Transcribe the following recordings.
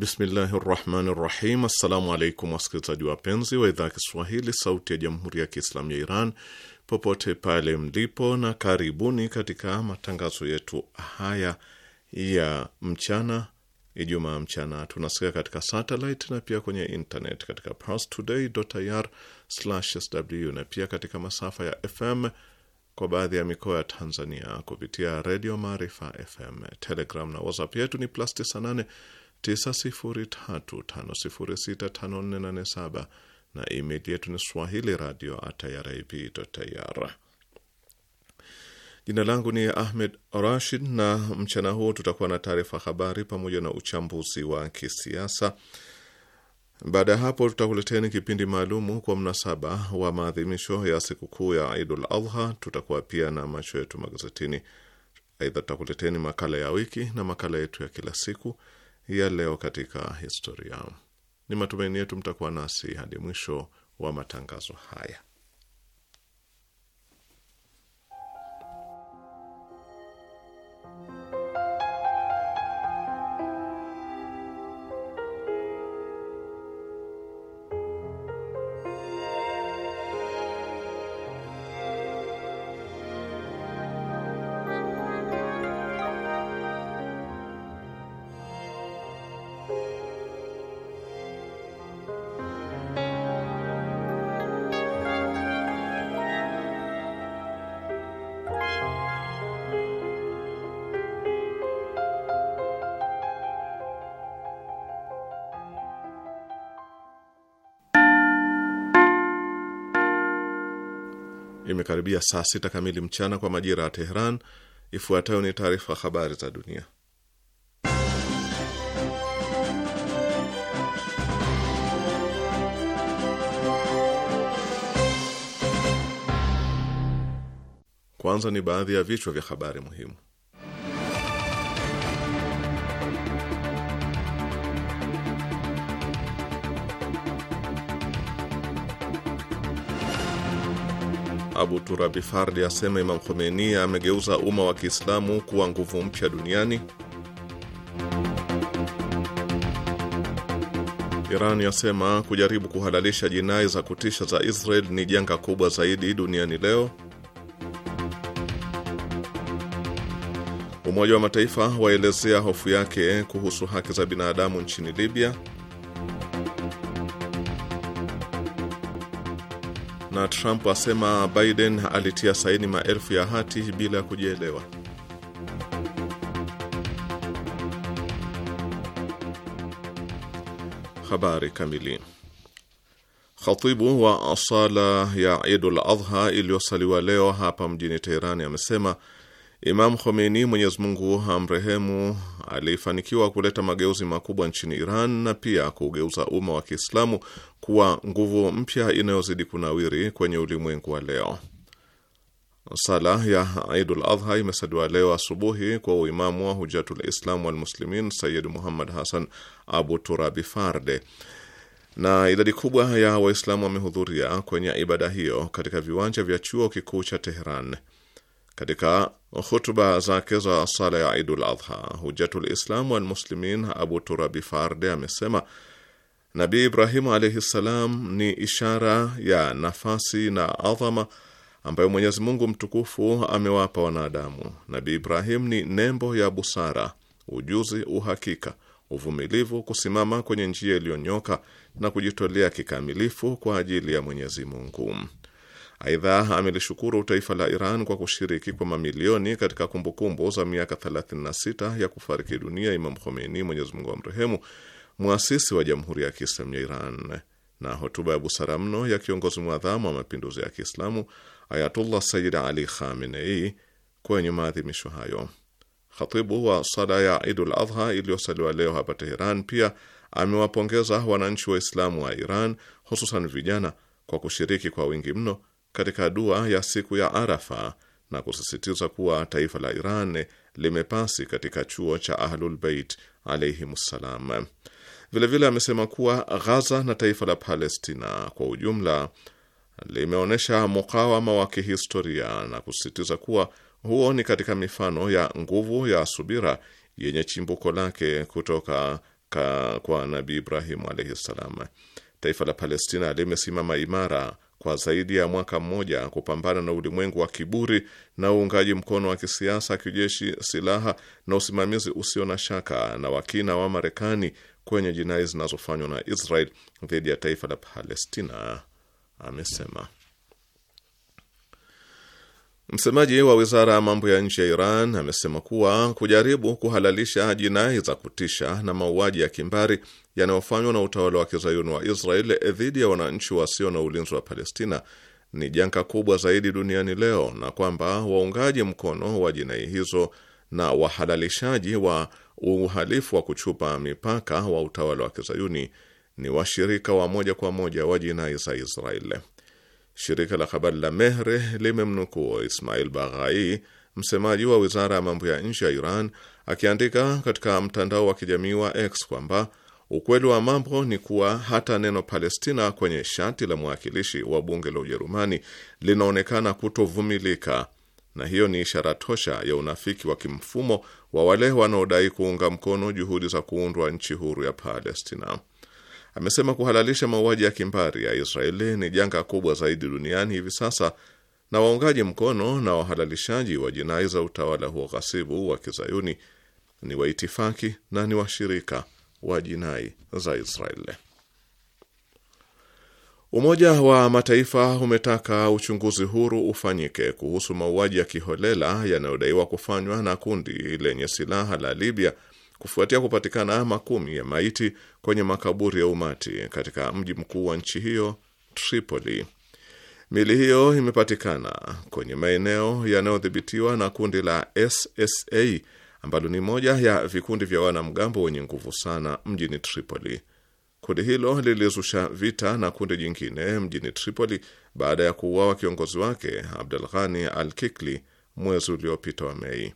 Bismillahi rahmani rahim. Assalamu alaikum wasikilizaji wapenzi wa idhaa ya Kiswahili sauti ya jamhuri ya Kiislamu ya Iran popote pale mlipo, na karibuni katika matangazo yetu haya ya mchana, Ijumaa mchana. Tunasikia katika satellite na pia kwenye internet katika parstoday.ir/sw na pia katika masafa ya FM kwa baadhi ya mikoa ya Tanzania kupitia Redio Maarifa FM. Telegram na WhatsApp yetu ni plus 98 903506547 na email yetu ni swahili radio @irib.ir. Jina langu ni Ahmed Rashid, na mchana huu tutakuwa na taarifa habari pamoja na uchambuzi wa kisiasa. Baada ya hapo, tutakuleteni kipindi maalumu kwa mnasaba wa maadhimisho ya sikukuu ya Idul Adha. Tutakuwa pia na macho yetu magazetini. Aidha, tutakuleteni makala ya wiki na makala yetu ya kila siku ya leo katika historia. Ni matumaini yetu mtakuwa nasi hadi mwisho wa matangazo haya. Imekaribia saa sita kamili mchana kwa majira ya Teheran. Ifuatayo ni taarifa habari za dunia. Kwanza ni baadhi ya vichwa vya habari muhimu. Abu Turabi Fardi asema Imam Khomeini amegeuza umma wa Kiislamu kuwa nguvu mpya duniani. Iran yasema kujaribu kuhalalisha jinai za kutisha za Israel ni janga kubwa zaidi duniani leo. Umoja wa Mataifa waelezea hofu yake kuhusu haki za binadamu nchini Libya. na Trump asema Biden alitia saini maelfu ya hati bila kujielewa. Habari kamili. Khatibu wa sala ya Idul Adha iliyosaliwa leo hapa mjini Teherani amesema Imam Khomeini, Mwenyezi Mungu amrehemu, alifanikiwa kuleta mageuzi makubwa nchini Iran na pia kugeuza umma wa Kiislamu kuwa nguvu mpya inayozidi kunawiri kwenye ulimwengu wa leo. Sala ya Idul Adha imesaliwa leo asubuhi kwa uimamu wa Hujatul Islam wal Muslimin Sayyid Muhammad Hassan Abu Turabi Farde, na idadi kubwa ya Waislamu wamehudhuria kwenye ibada hiyo katika viwanja vya chuo kikuu cha Tehran. Katika hutuba zake za sala ya Idul Adha, Hujatul Islam wal Muslimin Abu Turabi Farde amesema Nabi Ibrahimu alaihi ssalam ni ishara ya nafasi na adhama ambayo Mwenyezi Mungu mtukufu amewapa wanadamu. Nabi Ibrahim ni nembo ya busara, ujuzi, uhakika, uvumilivu, kusimama kwenye njia iliyonyoka na kujitolea kikamilifu kwa ajili ya Mwenyezi Mungu. Aidha, amelishukuru taifa la Iran kwa kushiriki kwa mamilioni katika kumbukumbu za miaka 36 ya kufariki dunia Imam Khomeini, Mwenyezi Mungu amrehemu, muasisi wa Jamhuri ya Kiislamu ya Iran, na hotuba ya busara mno ya kiongozi mwadhamu wa mapinduzi ya Kiislamu Ayatullah Sayyid Ali Khamenei kwenye maadhimisho hayo. Khatibu wa sala ya Idul Adha iliyosaliwa leo hapa Teheran pia amewapongeza wananchi Waislamu wa Iran, hususan vijana, kwa kushiriki kwa wingi mno katika dua ya siku ya Arafa na kusisitiza kuwa taifa la Iran limepasi katika chuo cha Ahlulbeit alaihimussalam. Vilevile amesema kuwa Ghaza na taifa la Palestina kwa ujumla limeonyesha mukawama wa kihistoria na kusisitiza kuwa huo ni katika mifano ya nguvu ya subira yenye chimbuko lake kutoka ka, kwa Nabii Ibrahimu alaihi ssalam. Taifa la Palestina limesimama imara kwa zaidi ya mwaka mmoja kupambana na ulimwengu wa kiburi na uungaji mkono wa kisiasa, kijeshi, silaha na usimamizi usio na shaka na wakina wa Marekani kwenye jinai zinazofanywa na Israel dhidi ya taifa la Palestina, amesema. Msemaji wa wizara ya mambo ya nje ya Iran amesema kuwa kujaribu kuhalalisha jinai za kutisha na mauaji ya kimbari yanayofanywa na utawala wa kizayuni wa Israel dhidi ya wananchi wasio na ulinzi wa Palestina ni janga kubwa zaidi duniani leo, na kwamba waungaji mkono wa jinai hizo na wahalalishaji wa uhalifu wa kuchupa mipaka wa utawala wa kizayuni ni washirika wa moja kwa moja wa jinai za Israeli. Shirika la habari la Mehre limemnukuu Ismail Baghai, msemaji wa wizara ya mambo ya nje ya Iran, akiandika katika mtandao wa kijamii wa X kwamba ukweli wa mambo ni kuwa hata neno Palestina kwenye shati la mwakilishi wa bunge la Ujerumani linaonekana kutovumilika, na hiyo ni ishara tosha ya unafiki wa kimfumo wa wale wanaodai kuunga mkono juhudi za kuundwa nchi huru ya Palestina amesema kuhalalisha mauaji ya kimbari ya Israeli ni janga kubwa zaidi duniani hivi sasa, na waungaji mkono na wahalalishaji wa jinai za utawala huo ghasibu wa kizayuni ni waitifaki na ni washirika wa jinai za Israeli. Umoja wa Mataifa umetaka uchunguzi huru ufanyike kuhusu mauaji ya kiholela yanayodaiwa kufanywa na kundi lenye silaha la Libya kufuatia kupatikana makumi ya maiti kwenye makaburi ya umati katika mji mkuu wa nchi hiyo Tripoli. Mili hiyo imepatikana kwenye maeneo yanayodhibitiwa na kundi la SSA ambalo ni moja ya vikundi vya wanamgambo wenye nguvu sana mjini Tripoli. Kundi hilo lilizusha vita na kundi jingine mjini Tripoli baada ya kuuawa kiongozi wake Abdul Ghani Al Kikli mwezi uliopita wa Mei.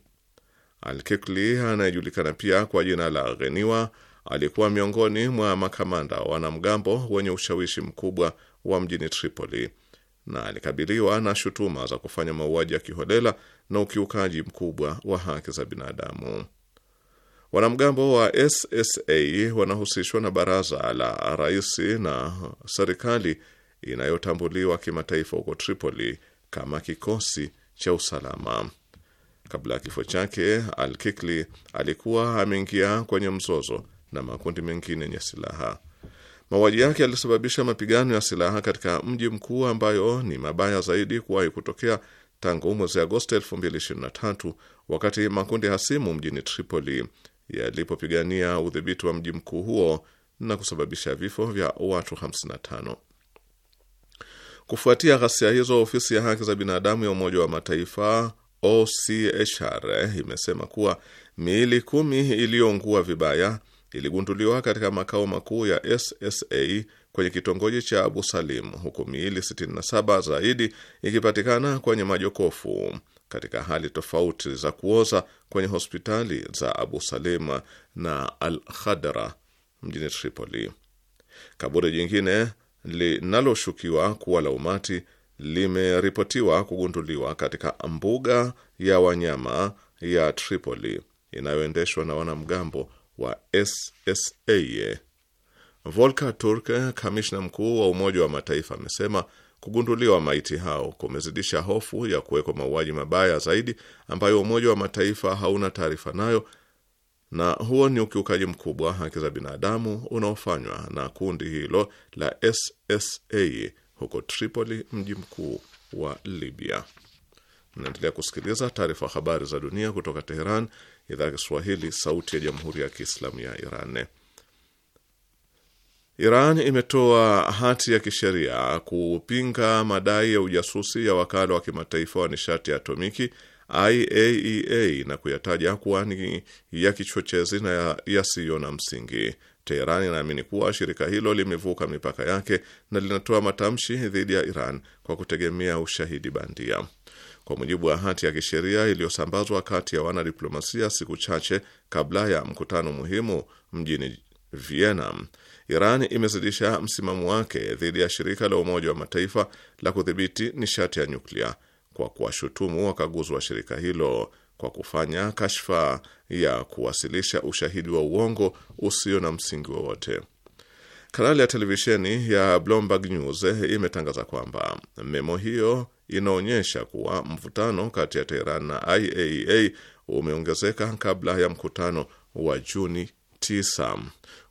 Al-Kikli anayejulikana pia kwa jina la Gheniwa alikuwa miongoni mwa makamanda wanamgambo wenye ushawishi mkubwa wa mjini Tripoli na alikabiliwa na shutuma za kufanya mauaji ya kiholela na ukiukaji mkubwa wa haki za binadamu. Wanamgambo wa SSA wanahusishwa na baraza la rais na serikali inayotambuliwa kimataifa huko Tripoli kama kikosi cha usalama. Kabla ya kifo chake, Al-Kikli alikuwa ameingia kwenye mzozo na makundi mengine yenye silaha. Mauaji yake yalisababisha mapigano ya silaha katika mji mkuu ambayo ni mabaya zaidi kuwahi kutokea tangu mwezi Agosti 2023 wakati makundi hasimu mjini Tripoli yalipopigania udhibiti wa mji mkuu huo na kusababisha vifo vya watu 55. Kufuatia ghasia hizo, ofisi ya haki za binadamu ya Umoja wa Mataifa OCHR eh, imesema kuwa miili kumi iliyoungua vibaya iligunduliwa katika makao makuu ya SSA kwenye kitongoji cha Abu Salim, huku miili 67 zaidi ikipatikana kwenye majokofu katika hali tofauti za kuoza kwenye hospitali za Abu Salim na Al Khadra mjini Tripoli. Kaburi jingine linaloshukiwa kuwa la umati limeripotiwa kugunduliwa katika mbuga ya wanyama ya Tripoli inayoendeshwa na wanamgambo wa SSA. Volker Turk, kamishna mkuu wa Umoja wa Mataifa, amesema kugunduliwa maiti hao kumezidisha hofu ya kuwekwa mauaji mabaya zaidi ambayo Umoja wa Mataifa hauna taarifa nayo, na huo ni ukiukaji mkubwa haki za binadamu unaofanywa na kundi hilo la SSA huko Tripoli, mji mkuu wa Libya. Mnaendelea kusikiliza taarifa habari za dunia kutoka Teheran, idhaa ya Kiswahili, sauti ya jamhuri ya kiislamu ya Iran. Iran imetoa hati ya kisheria kupinga madai ya ujasusi ya wakala wa kimataifa wa nishati ya atomiki IAEA e na kuyataja kuwa ni ya kichochezi na yasiyo na msingi. Teheran inaamini kuwa shirika hilo limevuka mipaka yake na linatoa matamshi dhidi ya Iran kwa kutegemea ushahidi bandia. Kwa mujibu wa hati ya kisheria iliyosambazwa kati ya wanadiplomasia siku chache kabla ya mkutano muhimu mjini Vienna, Iran imezidisha msimamo wake dhidi ya shirika la Umoja wa Mataifa la kudhibiti nishati ya nyuklia kwa kuwashutumu wakaguzi wa shirika hilo kwa kufanya kashfa ya kuwasilisha ushahidi wa uongo usio na msingi wowote. Kanali ya televisheni ya Bloomberg News imetangaza kwamba memo hiyo inaonyesha kuwa mvutano kati ya Teheran na IAEA e umeongezeka kabla ya mkutano wa Juni 9.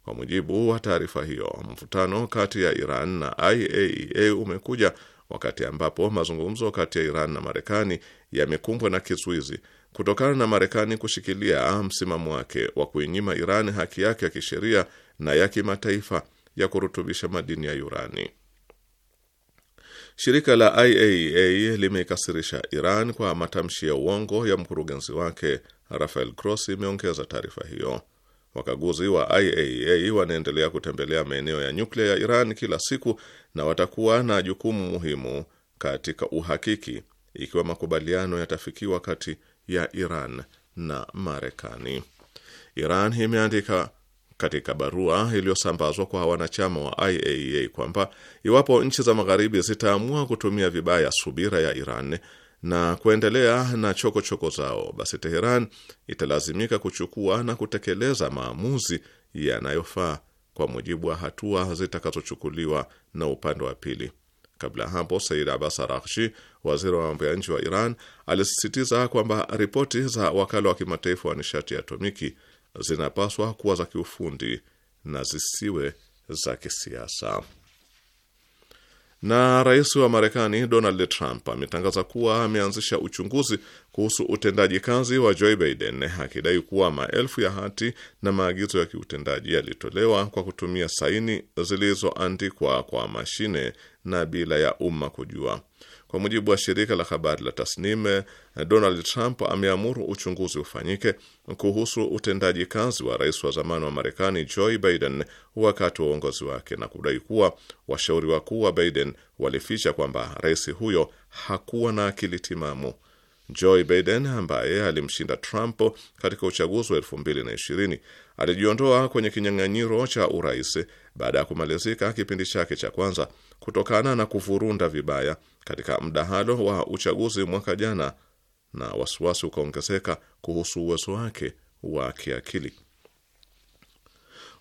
Kwa mujibu wa taarifa hiyo, mvutano kati ya Iran na IAEA e umekuja wakati ambapo mazungumzo kati ya Iran na Marekani yamekumbwa na kizuizi kutokana na Marekani kushikilia msimamo wake wa kuinyima Iran haki yake ya kisheria na ya kimataifa ya kurutubisha madini ya urani. Shirika la IAEA limeikasirisha Iran kwa matamshi ya uongo ya mkurugenzi wake Rafael Grossi, imeongeza taarifa hiyo. Wakaguzi wa IAEA wanaendelea kutembelea maeneo ya nyuklia ya Iran kila siku na watakuwa na jukumu muhimu katika uhakiki ikiwa makubaliano yatafikiwa kati ya Iran na Marekani. Iran imeandika katika barua iliyosambazwa kwa wanachama wa IAEA e kwamba iwapo nchi za magharibi zitaamua kutumia vibaya subira ya Iran na kuendelea na chokochoko choko zao, basi Teheran italazimika kuchukua na kutekeleza maamuzi yanayofaa kwa mujibu wa hatua zitakazochukuliwa na upande wa pili. Kabla hapo Said Abbas Araghchi, waziri wa mambo ya nje wa Iran, alisisitiza kwamba ripoti za wakala wa kimataifa wa nishati ya atomiki zinapaswa kuwa za kiufundi na zisiwe za kisiasa. Na rais wa Marekani Donald Trump ametangaza kuwa ameanzisha uchunguzi kuhusu utendaji kazi wa Joe Biden, akidai kuwa maelfu ya hati na maagizo ya kiutendaji yalitolewa kwa kutumia saini zilizoandikwa kwa mashine na bila ya umma kujua. Kwa mujibu wa shirika la habari la Tasnim, Donald Trump ameamuru uchunguzi ufanyike kuhusu utendaji kazi wa rais wa zamani wa Marekani Joe Biden wakati wa uongozi wake na kudai kuwa washauri wakuu wa Biden walificha kwamba rais huyo hakuwa na akili timamu. Joe Biden ambaye alimshinda Trump katika uchaguzi wa 2020 alijiondoa kwenye kinyang'anyiro cha urais baada ya kumalizika kipindi chake cha kwanza kutokana na kuvurunda vibaya katika mdahalo wa uchaguzi mwaka jana, na wasiwasi ukaongezeka kuhusu uwezo wake wa kiakili.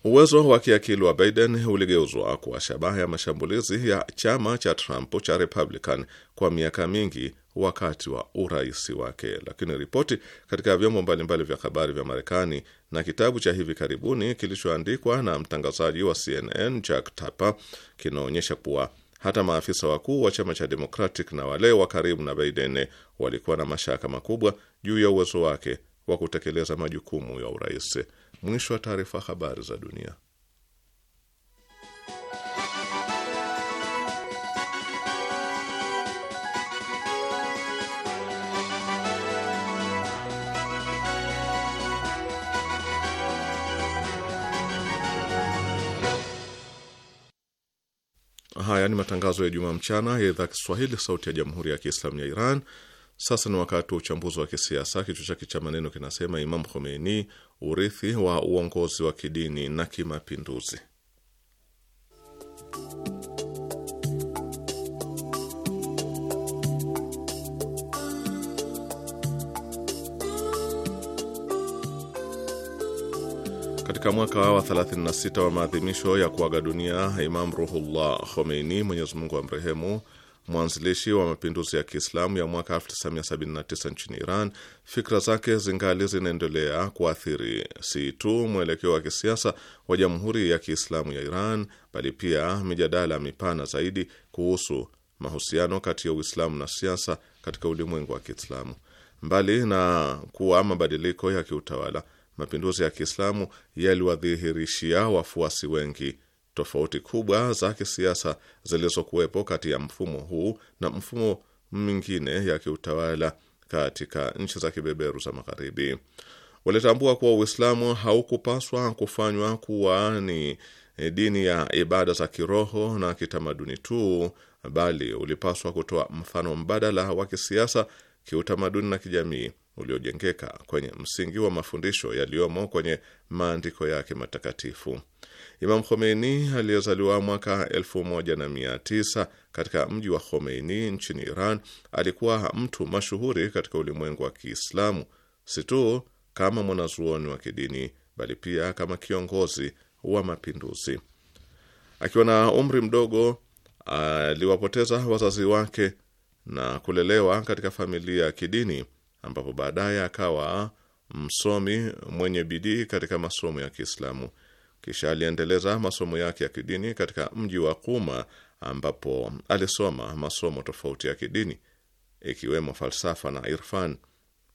Uwezo wa kiakili wa Biden uligeuzwa kuwa shabaha ya mashambulizi ya chama cha Trump cha Republican kwa miaka mingi wakati wa urais wake. Lakini ripoti katika vyombo mbalimbali vya habari vya Marekani na kitabu cha hivi karibuni kilichoandikwa na mtangazaji wa CNN Jack Tapper kinaonyesha kuwa hata maafisa wakuu wa chama cha Democratic na wale wa karibu na Biden walikuwa na mashaka makubwa juu ya uwezo wake wa kutekeleza majukumu ya urais. Mwisho wa taarifa. Habari za dunia. Haya ni matangazo ya Jumaa mchana ya idhaa Kiswahili sauti ya jamhuri ya Kiislamu ya Iran. Sasa ni wakati wa uchambuzi wa kisiasa. Kichwa chake cha maneno kinasema Imam Khomeini, urithi wa uongozi wa kidini na kimapinduzi. katika mwaka wa 36 wa maadhimisho ya kuaga dunia Imam Ruhullah Khomeini, Mwenyezi Mungu amrehemu, mwanzilishi wa mapinduzi ya Kiislamu ya mwaka 1979 nchini Iran, fikra zake zingali zinaendelea kuathiri si tu mwelekeo wa kisiasa wa Jamhuri ya Kiislamu ya Iran, bali pia mijadala mipana zaidi kuhusu mahusiano kati ya Uislamu na siasa katika ulimwengu wa Kiislamu. Mbali na kuwa mabadiliko ya kiutawala mapinduzi ya Kiislamu yaliwadhihirishia wafuasi wengi tofauti kubwa za kisiasa zilizokuwepo kati ya mfumo huu na mfumo mingine ya kiutawala katika nchi za kibeberu za Magharibi. Walitambua kuwa Uislamu haukupaswa kufanywa kuwa ni dini ya ibada za kiroho na kitamaduni tu, bali ulipaswa kutoa mfano mbadala wa kisiasa, kiutamaduni na kijamii uliojengeka kwenye msingi wa mafundisho yaliyomo kwenye maandiko yake matakatifu. Imam Khomeini aliyezaliwa mwaka 1900 katika mji wa Khomeini nchini Iran alikuwa mtu mashuhuri katika ulimwengu wa Kiislamu, si tu kama mwanazuoni wa kidini, bali pia kama kiongozi wa mapinduzi. Akiwa na umri mdogo aliwapoteza wazazi wake na kulelewa katika familia ya kidini ambapo baadaye akawa msomi mwenye bidii katika masomo ya Kiislamu. Kisha aliendeleza masomo yake ya kidini katika mji wa Kuma ambapo alisoma masomo tofauti ya kidini ikiwemo falsafa na irfan.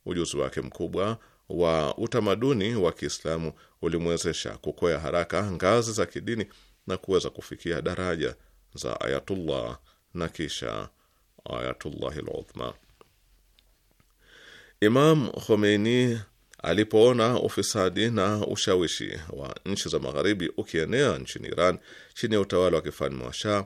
Ujuzi wake mkubwa wa utamaduni wa Kiislamu ulimwezesha kukwea haraka ngazi za kidini na kuweza kufikia daraja za Ayatullah na kisha Ayatullahil Uzma. Imam Khomeini alipoona ufisadi na ushawishi wa nchi za magharibi ukienea nchini Iran chini ya utawala wa kifalme wa Shah,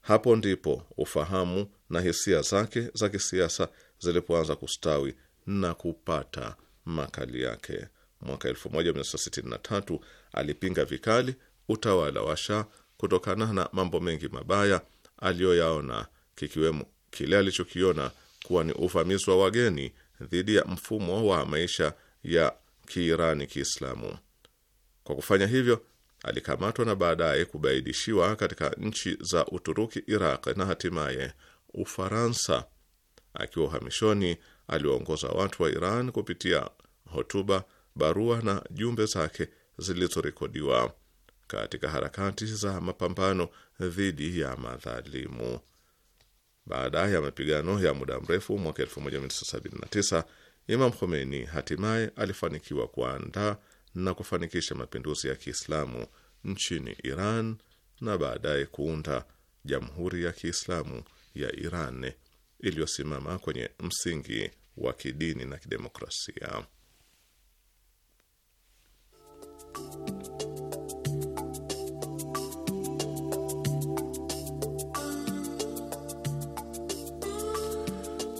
hapo ndipo ufahamu na hisia zake za kisiasa zilipoanza kustawi na kupata makali yake. Mwaka 1963 alipinga vikali utawala wa Shah kutokana na mambo mengi mabaya aliyoyaona, kikiwemo kile alichokiona kuwa ni uvamizi wa wageni dhidi ya mfumo wa maisha ya Kiirani Kiislamu. Kwa kufanya hivyo, alikamatwa na baadaye kubaidishiwa katika nchi za Uturuki, Iraq na hatimaye Ufaransa. Akiwa uhamishoni, aliongoza watu wa Iran kupitia hotuba, barua na jumbe zake zilizorekodiwa katika harakati za mapambano dhidi ya madhalimu. Baada ya mapigano ya muda mrefu mwaka 1979 Imam Khomeini hatimaye alifanikiwa kuandaa na kufanikisha mapinduzi ya Kiislamu nchini Iran na baadaye kuunda Jamhuri ya Kiislamu ya Iran iliyosimama kwenye msingi wa kidini na kidemokrasia.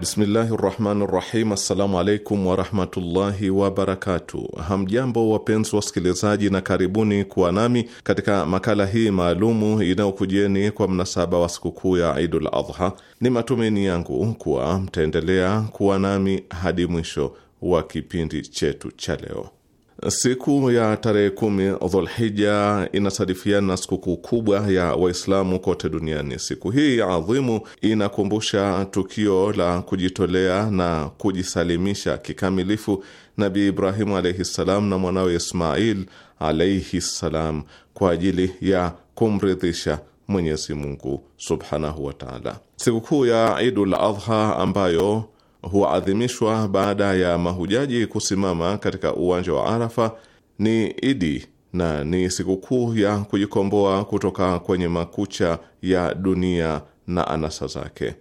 Bismillahi rahmani rahim. Assalamu alaikum warahmatullahi wabarakatu. Hamjambo wapenzi wasikilizaji, na karibuni kuwa nami katika makala hii maalumu inayokujieni kwa mnasaba wa sikukuu ya Idul Adha. Ni matumaini yangu kuwa mtaendelea kuwa nami hadi mwisho wa kipindi chetu cha leo. Siku ya tarehe kumi Dhulhija inasadifiana na sikukuu kubwa ya Waislamu kote duniani. Siku hii adhimu inakumbusha tukio la kujitolea na kujisalimisha kikamilifu Nabi Ibrahimu alaihi ssalam na mwanawe Ismail alaihi ssalam kwa ajili ya kumridhisha Mwenyezi Mungu subhanahu wataala. Sikukuu ya Idul Adha ambayo huadhimishwa baada ya mahujaji kusimama katika uwanja wa Arafa ni Idi na ni sikukuu ya kujikomboa kutoka kwenye makucha ya dunia na anasa zake.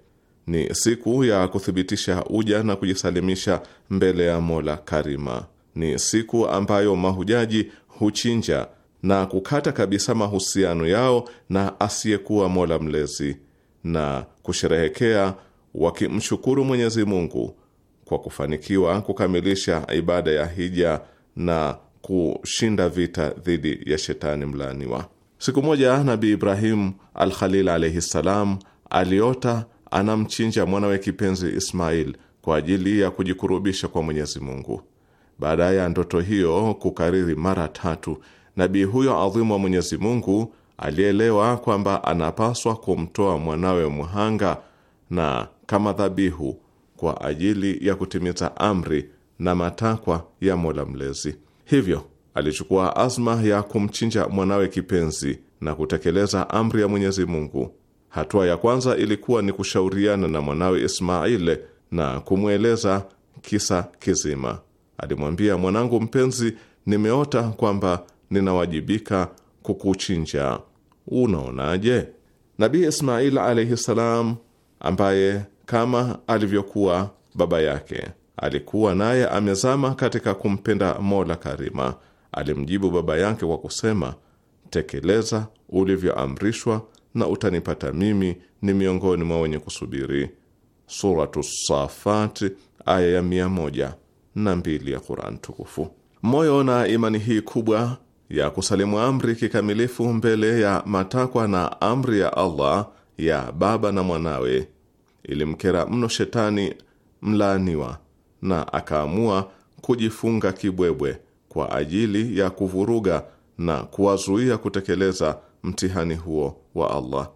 Ni siku ya kuthibitisha uja na kujisalimisha mbele ya Mola Karima. Ni siku ambayo mahujaji huchinja na kukata kabisa mahusiano yao na asiyekuwa Mola Mlezi na kusherehekea wakimshukuru Mwenyezi Mungu kwa kufanikiwa kukamilisha ibada ya hija na kushinda vita dhidi ya shetani mlaaniwa. Siku moja Nabii Ibrahimu al-Khalil alayhi salam aliota anamchinja mwanawe kipenzi Ismail kwa ajili ya kujikurubisha kwa Mwenyezi Mungu. Baada ya ndoto hiyo kukariri mara tatu, nabii huyo adhimu wa Mwenyezi Mungu alielewa kwamba anapaswa kumtoa mwanawe mhanga na kama dhabihu kwa ajili ya kutimiza amri na matakwa ya Mola Mlezi. Hivyo alichukua azma ya kumchinja mwanawe kipenzi na kutekeleza amri ya Mwenyezi Mungu. Hatua ya kwanza ilikuwa ni kushauriana na mwanawe ismaili na kumweleza kisa kizima. Alimwambia, mwanangu mpenzi, nimeota kwamba ninawajibika kukuchinja, unaonaje? Nabii Ismail alaihi salam ambaye kama alivyokuwa baba yake alikuwa naye amezama katika kumpenda Mola Karima. Alimjibu baba yake kwa kusema, tekeleza ulivyoamrishwa na utanipata mimi ni miongoni mwa wenye kusubiri. Suratu Safat aya ya mia moja na mbili ya Quran Tukufu. Moyo na imani hii kubwa ya kusalimu amri kikamilifu mbele ya matakwa na amri ya Allah ya baba na mwanawe ilimkera mno shetani mlaaniwa, na akaamua kujifunga kibwebwe kwa ajili ya kuvuruga na kuwazuia kutekeleza mtihani huo wa Allah.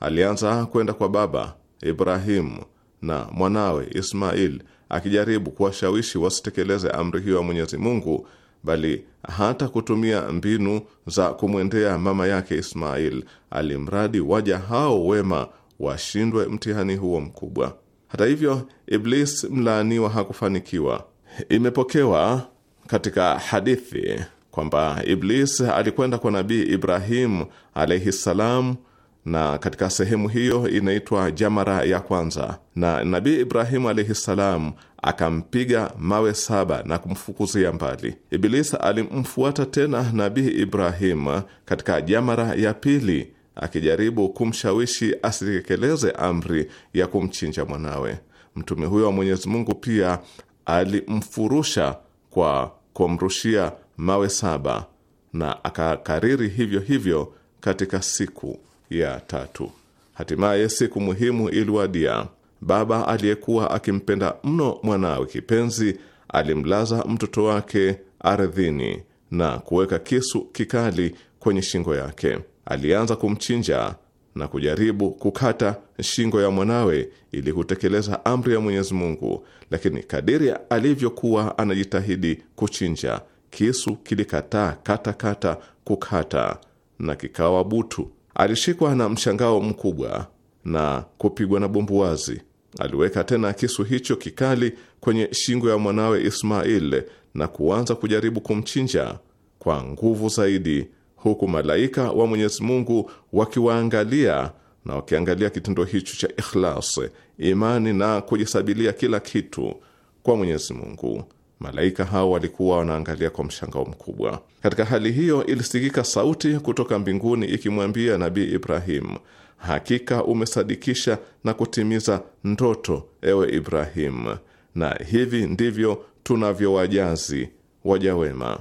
Alianza kwenda kwa baba Ibrahimu na mwanawe Ismail akijaribu kuwashawishi wasitekeleze amri hiyo ya Mwenyezi Mungu bali hata kutumia mbinu za kumwendea mama yake Ismail, alimradi waja hao wema washindwe mtihani huo mkubwa. Hata hivyo, Iblis mlaaniwa hakufanikiwa. Imepokewa katika hadithi kwamba Iblis alikwenda kwa Nabii Ibrahim alaihi ssalam, na katika sehemu hiyo inaitwa Jamara ya kwanza, na Nabii ibrahimu alaihi ssalam akampiga mawe saba na kumfukuzia mbali. Ibilisi alimfuata tena Nabii Ibrahim katika jamara ya pili akijaribu kumshawishi asitekeleze amri ya kumchinja mwanawe. Mtume huyo wa Mwenyezi Mungu pia alimfurusha kwa kumrushia mawe saba na akakariri hivyo hivyo katika siku ya tatu. Hatimaye siku muhimu iliwadia baba aliyekuwa akimpenda mno mwanawe kipenzi alimlaza mtoto wake ardhini na kuweka kisu kikali kwenye shingo yake. Alianza kumchinja na kujaribu kukata shingo ya mwanawe ili kutekeleza amri ya Mwenyezi Mungu, lakini kadiri alivyokuwa anajitahidi kuchinja, kisu kilikataa kata kukata na kikawa butu. Alishikwa na mshangao mkubwa na kupigwa na wazi. Aliweka tena kisu hicho kikali kwenye shingo ya mwanawe Ismail na kuanza kujaribu kumchinja kwa nguvu zaidi, huku malaika wa Mwenyezi Mungu wakiwaangalia na wakiangalia kitendo hicho cha ikhlas, imani na kujisabilia kila kitu kwa Mwenyezi Mungu. Malaika hao walikuwa wanaangalia kwa mshangao mkubwa. Katika hali hiyo, ilisikika sauti kutoka mbinguni ikimwambia Nabii Ibrahimu, hakika umesadikisha na kutimiza ndoto, ewe Ibrahim, na hivi ndivyo tunavyowajazi waja wema.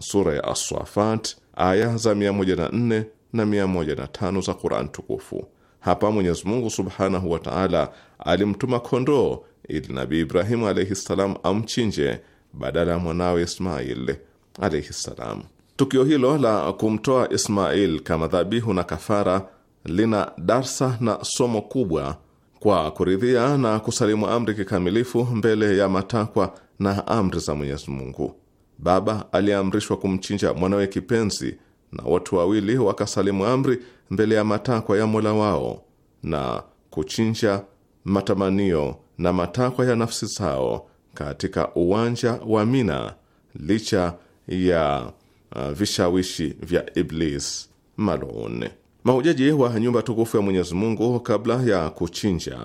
Sura ya Aswafat aya za 104 na 105 za Quran Tukufu. Hapa Mwenyezi Mungu subhanahu wa taala alimtuma kondoo ili nabi Ibrahimu alaihi ssalam amchinje badala ya mwanawe Ismail alaihi ssalam. Tukio hilo la kumtoa Ismail kama dhabihu na kafara lina darsa na somo kubwa kwa kuridhia na kusalimu amri kikamilifu mbele ya matakwa na amri za Mwenyezi Mungu. Baba aliamrishwa kumchinja mwanawe kipenzi, na watu wawili wakasalimu amri mbele ya matakwa ya Mola wao na kuchinja matamanio na matakwa ya nafsi zao katika uwanja wa Mina licha ya uh, vishawishi vya Iblis malone. Mahujaji wa nyumba tukufu ya Mwenyezi Mungu kabla ya kuchinja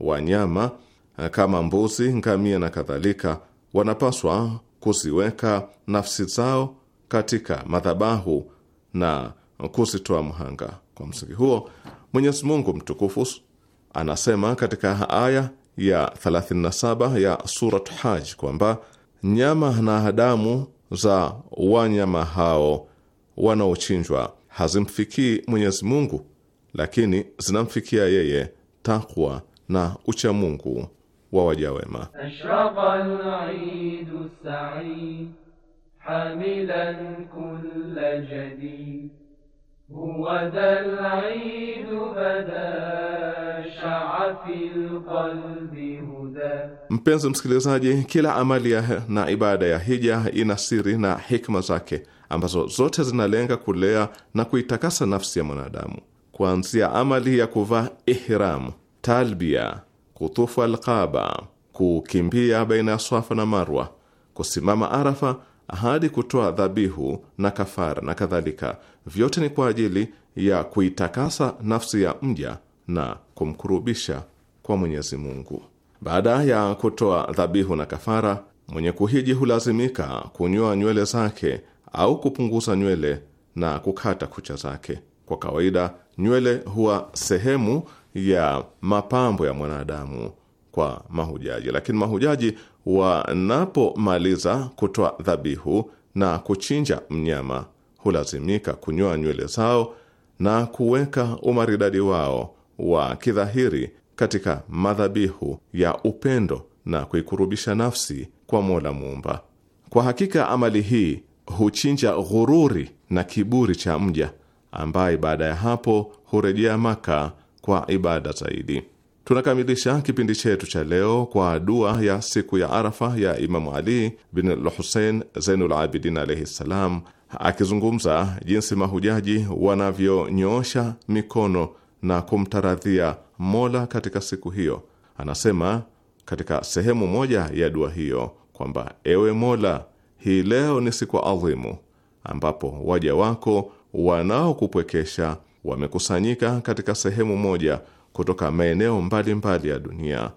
wanyama kama mbuzi, ngamia na kadhalika, wanapaswa kuziweka nafsi zao katika madhabahu na kuzitoa mhanga. Kwa msingi huo Mwenyezi Mungu mtukufu anasema katika aya ya 37 ya Surat Haj kwamba nyama na damu za wanyama hao wanaochinjwa hazimfikii Mwenyezi Mungu, lakini zinamfikia yeye takwa na ucha Mungu wa waja wema. Mpenzi msikilizaji, kila amali ya na ibada ya hija ina siri na hikma zake ambazo zote zinalenga kulea na kuitakasa nafsi ya mwanadamu, kuanzia amali ya kuvaa ihram, talbia, kutufu alqaba, kukimbia baina ya Swafa na Marwa, kusimama Arafa hadi kutoa dhabihu na kafara na kadhalika, vyote ni kwa ajili ya kuitakasa nafsi ya mja na kumkurubisha kwa Mwenyezi Mungu. Baada ya kutoa dhabihu na kafara, mwenye kuhiji hulazimika kunyoa nywele zake au kupunguza nywele na kukata kucha zake. Kwa kawaida, nywele huwa sehemu ya mapambo ya mwanadamu kwa mahujaji, lakini mahujaji wanapomaliza kutoa dhabihu na kuchinja mnyama hulazimika kunyoa nywele zao na kuweka umaridadi wao wa kidhahiri katika madhabihu ya upendo na kuikurubisha nafsi kwa Mola Muumba. Kwa hakika amali hii huchinja ghururi na kiburi cha mja ambaye baada ya hapo hurejea Maka kwa ibada zaidi. Tunakamilisha kipindi chetu cha leo kwa dua ya siku ya Arafa ya Imamu Ali bin Lhusein husein Zainul Abidin alaihi ssalam, akizungumza jinsi mahujaji wanavyonyoosha mikono na kumtaradhia Mola katika siku hiyo. Anasema katika sehemu moja ya dua hiyo kwamba ewe Mola, hii leo ni siku adhimu ambapo waja wako wanaokupwekesha wamekusanyika katika sehemu moja kutoka maeneo mbalimbali ya dunia.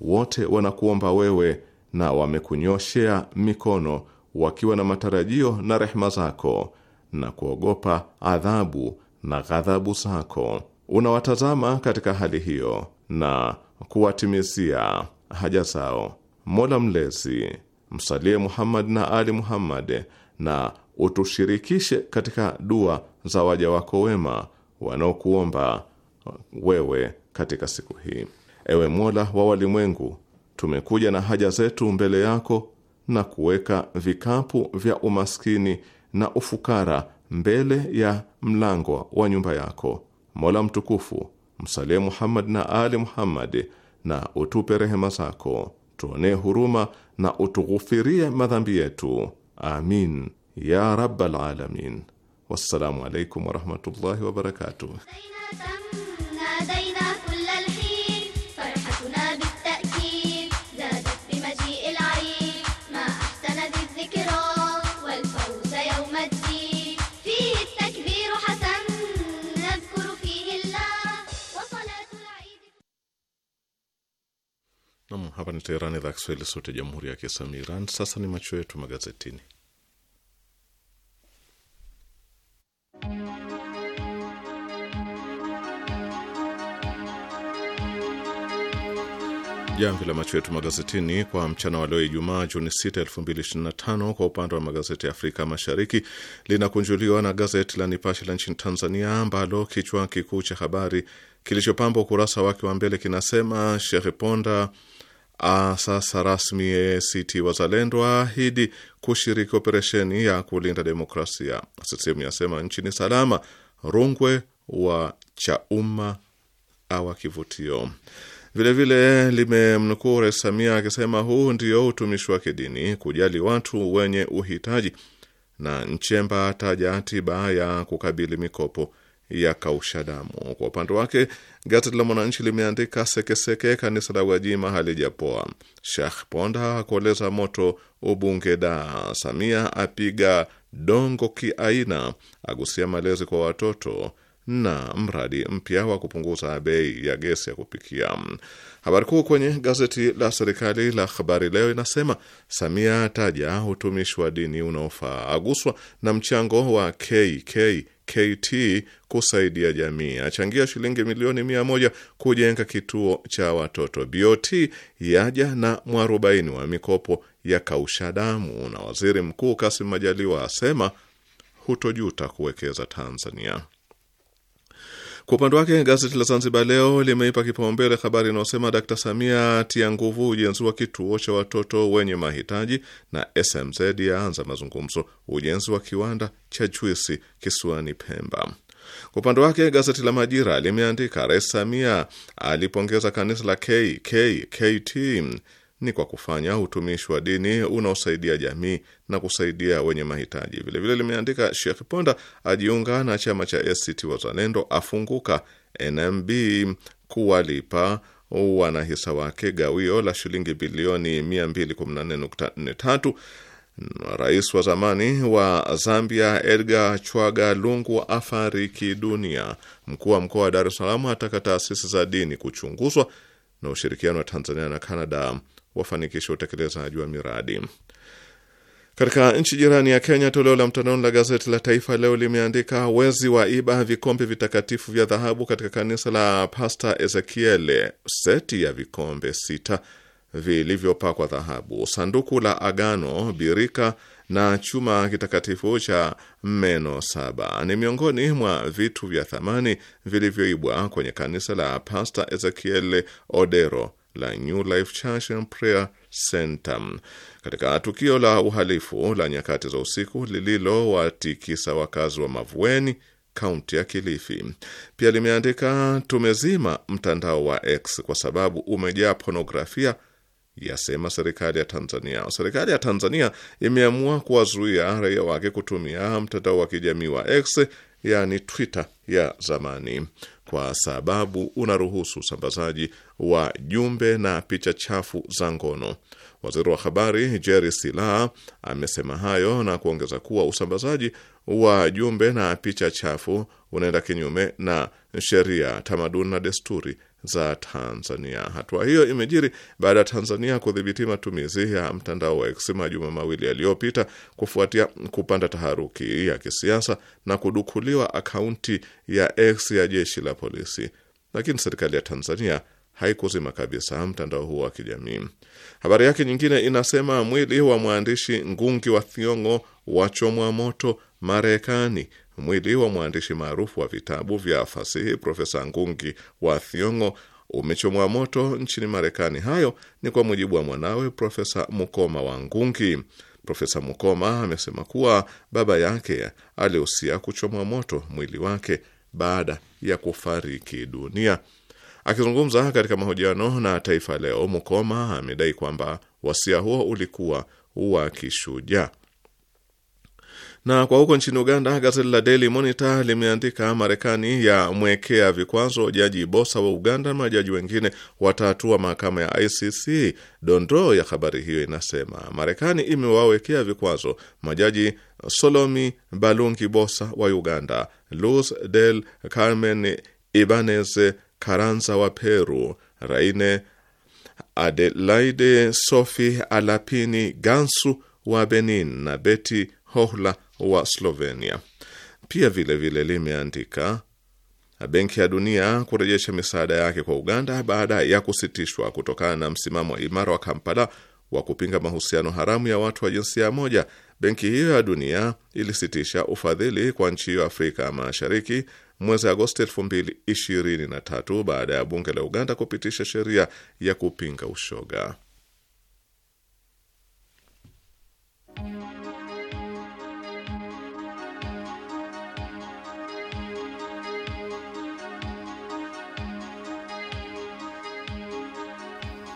Wote wanakuomba wewe na wamekunyoshea mikono wakiwa na matarajio na rehema zako na kuogopa adhabu na ghadhabu zako. Unawatazama katika hali hiyo na kuwatimizia haja zao. Mola Mlezi, msalie Muhammad na Ali Muhammad na utushirikishe katika dua za waja wako wema wanaokuomba wewe katika siku hii. Ewe Mola wa walimwengu, tumekuja na haja zetu mbele yako na kuweka vikapu vya umaskini na ufukara mbele ya mlango wa nyumba yako. Mola mtukufu, msalie Muhammad na Ali Muhammad na utupe rehema zako, tuonee huruma na utughufirie madhambi yetu. Amin ya rabbal alamin. Wassalamu alaikum warahmatullahi wabarakatuh. Nam, hapa ni Teherani, idhaa Kiswahili, sauti ya jamhuri ya kiislamu Iran. Sasa ni macho yetu magazetini. Jamvi la macho yetu magazetini kwa mchana wa leo Ijumaa, Juni 6, 2025 kwa upande wa magazeti ya Afrika Mashariki linakunjuliwa na gazeti la Nipashe la nchini Tanzania, ambalo kichwa kikuu cha habari kilichopambwa ukurasa wake wa mbele kinasema Shehe Ponda A, sasa rasmi ACT e Wazalendo ahidi kushiriki operesheni ya kulinda demokrasia. Sisemu yasema nchi ni salama. Rungwe wa Chauma awa kivutio. Vilevile limemnukuu Rais Samia akisema huu ndio utumishi wa kidini, kujali watu wenye uhitaji, na Nchemba ataja tiba ya kukabili mikopo ya kausha damu. Kwa upande wake gazeti la Mwananchi limeandika sekeseke, kanisa la Gwajima halijapoa. Sheikh Ponda akueleza moto ubunge da. Samia apiga dongo kiaina, agusia malezi kwa watoto na mradi mpya wa kupunguza bei ya gesi ya kupikia. Habari kuu kwenye gazeti la serikali la Habari Leo inasema Samia ataja utumishi wa dini unaofaa, aguswa na mchango wa KK KT kusaidia jamii, achangia shilingi milioni mia moja kujenga kituo cha watoto. BOT yaja na mwarobaini wa mikopo ya kausha damu, na waziri mkuu Kasim Majaliwa asema hutojuta kuwekeza Tanzania. Kwa upande wake gazeti la Zanzibar Leo limeipa kipaumbele habari inayosema Dkt Samia tia nguvu ujenzi wa kituo cha watoto wenye mahitaji na SMZ yaanza mazungumzo ujenzi wa kiwanda cha juisi kisiwani Pemba. Kwa upande wake gazeti la Majira limeandika Rais Samia alipongeza kanisa la KKKT ni kwa kufanya utumishi wa dini unaosaidia jamii na kusaidia wenye mahitaji. Vilevile limeandika Sheikh Ponda ajiunga na chama cha ACT Wazalendo, afunguka NMB kuwalipa wanahisa wake gawio la shilingi bilioni 214.43. Rais wa zamani wa Zambia Edgar Chwaga Lungu afariki dunia. Mkuu wa mkoa wa Dar es Salaam ataka taasisi za dini kuchunguzwa. Na ushirikiano wa Tanzania na Canada wafanikishe utekelezaji wa miradi. Katika nchi jirani ya Kenya, toleo la mtandaoni la gazeti la Taifa Leo limeandika wezi wa iba vikombe vitakatifu vya dhahabu katika kanisa la Pasta Ezekiel, seti ya vikombe sita vilivyopakwa dhahabu, sanduku la agano, birika na chuma kitakatifu cha meno saba ni miongoni mwa vitu vya thamani vilivyoibwa kwenye kanisa la Pasta Ezekiel Odero la New Life Church and Prayer Center katika tukio la uhalifu la nyakati za usiku lililowatikisa wakazi wa Mavueni, kaunti ya Kilifi. Pia limeandika tumezima mtandao wa X kwa sababu umejaa pornografia, yasema serikali ya Tanzania. Serikali ya Tanzania imeamua kuwazuia raia wake kutumia mtandao wa kijamii wa X, yaani Twitter ya zamani kwa sababu unaruhusu usambazaji wa jumbe na picha chafu za ngono. Waziri wa habari Jerry Sila amesema hayo na kuongeza kuwa usambazaji wa jumbe na picha chafu unaenda kinyume na sheria, tamaduni na desturi za Tanzania. Hatua hiyo imejiri baada ya Tanzania kudhibiti matumizi ya mtandao wa X majuma mawili yaliyopita kufuatia kupanda taharuki ya kisiasa na kudukuliwa akaunti ya X ya jeshi la polisi, lakini serikali ya Tanzania haikuzima kabisa mtandao huo wa kijamii. Habari yake nyingine inasema mwili wa mwandishi Ngungi wa Thiong'o wachomwa moto Marekani mwili wa mwandishi maarufu wa vitabu vya fasihi Profesa Ngungi wa Thiong'o umechomwa moto nchini Marekani. Hayo ni kwa mujibu wa mwanawe Profesa Mukoma wa Ngungi. Profesa Mukoma amesema kuwa baba yake alihusia kuchomwa moto mwili wake baada ya kufariki dunia. Akizungumza katika mahojiano na Taifa Leo, Mukoma amedai kwamba wasia huo ulikuwa wa kishujaa. Na kwa huko nchini Uganda, gazeti la Daily Monitor limeandika Marekani yamwekea vikwazo jaji Bosa wa Uganda na majaji wengine watatu wa mahakama ya ICC. Dondoo ya habari hiyo inasema Marekani imewawekea vikwazo majaji Solomi Balungi Bosa wa Uganda, Luz del Carmen Ibanez Karanza wa Peru, Raine Adelaide Sofi Alapini Gansu wa Benin na Beti Hohla wa Slovenia. Pia vilevile limeandika Benki ya Dunia kurejesha misaada yake kwa Uganda baada ya kusitishwa kutokana na msimamo imara wa Kampala wa kupinga mahusiano haramu ya watu wa jinsia moja. Benki hiyo ya Dunia ilisitisha ufadhili kwa nchi hiyo Afrika Mashariki mwezi Agosti 2023 baada ya bunge la Uganda kupitisha sheria ya kupinga ushoga.